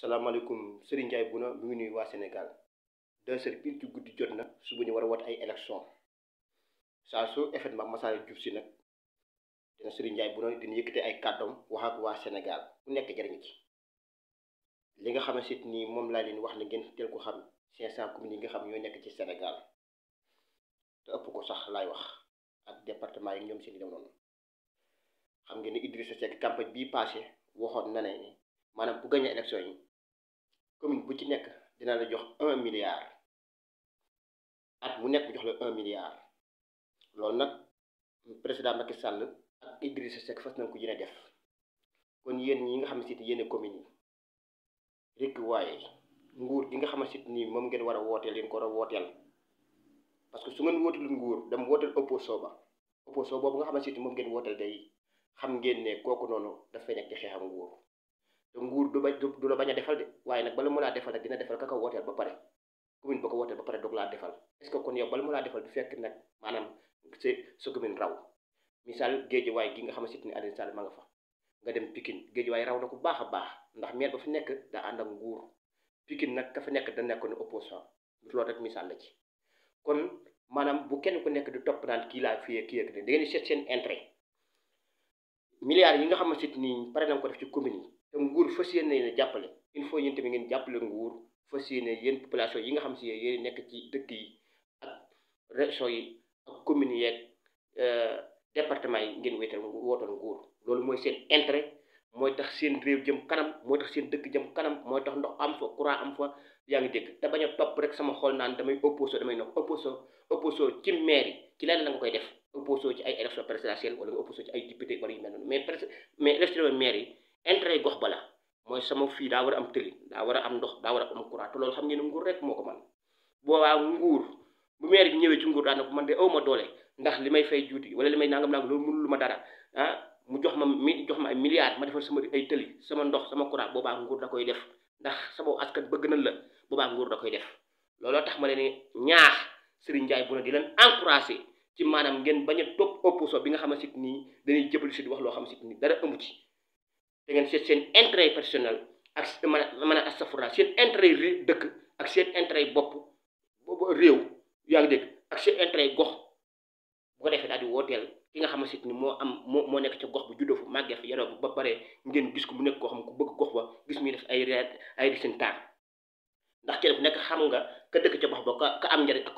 salaamaaleykum Serigne Ndiaye Bouna mu ngi nuyu waa Sénégal deux heures pile ci guddi jot na suba ñu war a wat ay élection saa su événement Massalik juf si nag dina Serigne Ndiaye Bouna dina yëkkate ay kàddoom wax waa Sénégal ku nekk jariñu ci li nga xam xamante nii moom laa leen wax ne ngeen teel ko xam 500 communes yi nga xam ñoo nekk ci Sénégal te ëpp ko sax laay wax ak département yi ñoom seen i dem noonu xam ngeen ne Idrissa Seck campagne bii passé waxoon na maanaam bu gagné élection yi. ci nekk dinaa la jox un milliard at mu nekk jox la un milliard loolu nag président Macky sàll ak Idrissa Seck na nañ ko yéene def kon yéen ñi nga xam ne yéen commune yi rekk waaye nguur gi nga xam ne nii moom ngeen war a wooteel yéen ko war parce que su ngeen wooteelu nguur dem wooteel opposition ba opposition boobu nga xam ne moom ngeen wooteel day xam ngeen ne kooku noonu dafay nekk ci xeexam nguur. te nguur du ba du la bañ a defal de waaye nag bala mu laa defal dina defal ka ko wooteel ba pare commune ba ko wooteel ba pare doog laa defal est-ce que kon yow bala mu laa fekk nag maanaam sa sa commune raw misaal gi nga xam ne sit ni Aliou Sall nga fa nga dem Pikine géejewaay raw na ko baax a baax ndax maire ba fa nekk daa ànd ak nguur Pikine nag ka fa nekk da nekk ne opposant loolu rek misaal la ci kon maanaam bu kenn ku nekk di topp naan kii laa fiyee kii ak da seen intérêt milliards yi nga xamante ni pare nañ ko def ci commune yi te nguur fas yéen na ne jàppale il faut yéen tamit ngeen jàppale nguur fas yéene yéen population yi nga xam si yéen nekk ci dëkk yi ak région yi ak communes yeeg euh, département yi ngeen wéetal wootal nguur loolu mooy seen intérêt mooy tax seen réew jëm kanam mooy tax seen dëkk jëm kanam mooy tax ndox am fa courant am fa yaa ngi bañ a topp rek sama xol naan damay opposo damay nox opposo opposo ci maire ci lenn la nga koy def opposo ci ay élection présidentielle wala nga opposo ci ay député wala yu mel noonu mais mais élection maire yi yi gox bala mooy sama fii daa war a am tëli daa war a am ndox daa war a am courant te xam ngeen ne nguur rek moo ko boobaa nguur bu maire bi ñëwee ci nguur daana ko man de aw ma doole ndax li may fay juuti wala li may nangam nangam loolu mënul ma dara ah, mu jox ma mi jox ma ay milliards ma defal sama ay tëli sama ndox sama courant boobaa nguur da koy def ndax sama askan bëgg nañ la boobaa nguur da koy def looloo tax ma leen ñaax Serigne Ndiaye bu ne di leen encouragé ci maanaam ngeen bañ a topp opposition bi nga xam ne sit nii dañuy jëbal sit wax loo xam sit nii dara amu ci da ngeen seet seen intérêt personnel ak mën a mën a astafurla seen ri dëkk ak seen intérêt bopp réew yaa ngi dégg ak seen intérêt gox bu ko defee daal di wooteel ki nga xam sit ni moo am moo moo nekk ca gox bu juddoo fu màggee fa yaroo ba pare ngeen gis ko mu nekk koo xam ku bëgg gox ba gis muy def ay ay résultats ndax kenn bu nekk xam nga ka dëkk ca gox ba ka am njariñ ak